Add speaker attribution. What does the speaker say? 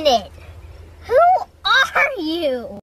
Speaker 1: minute. Who are you?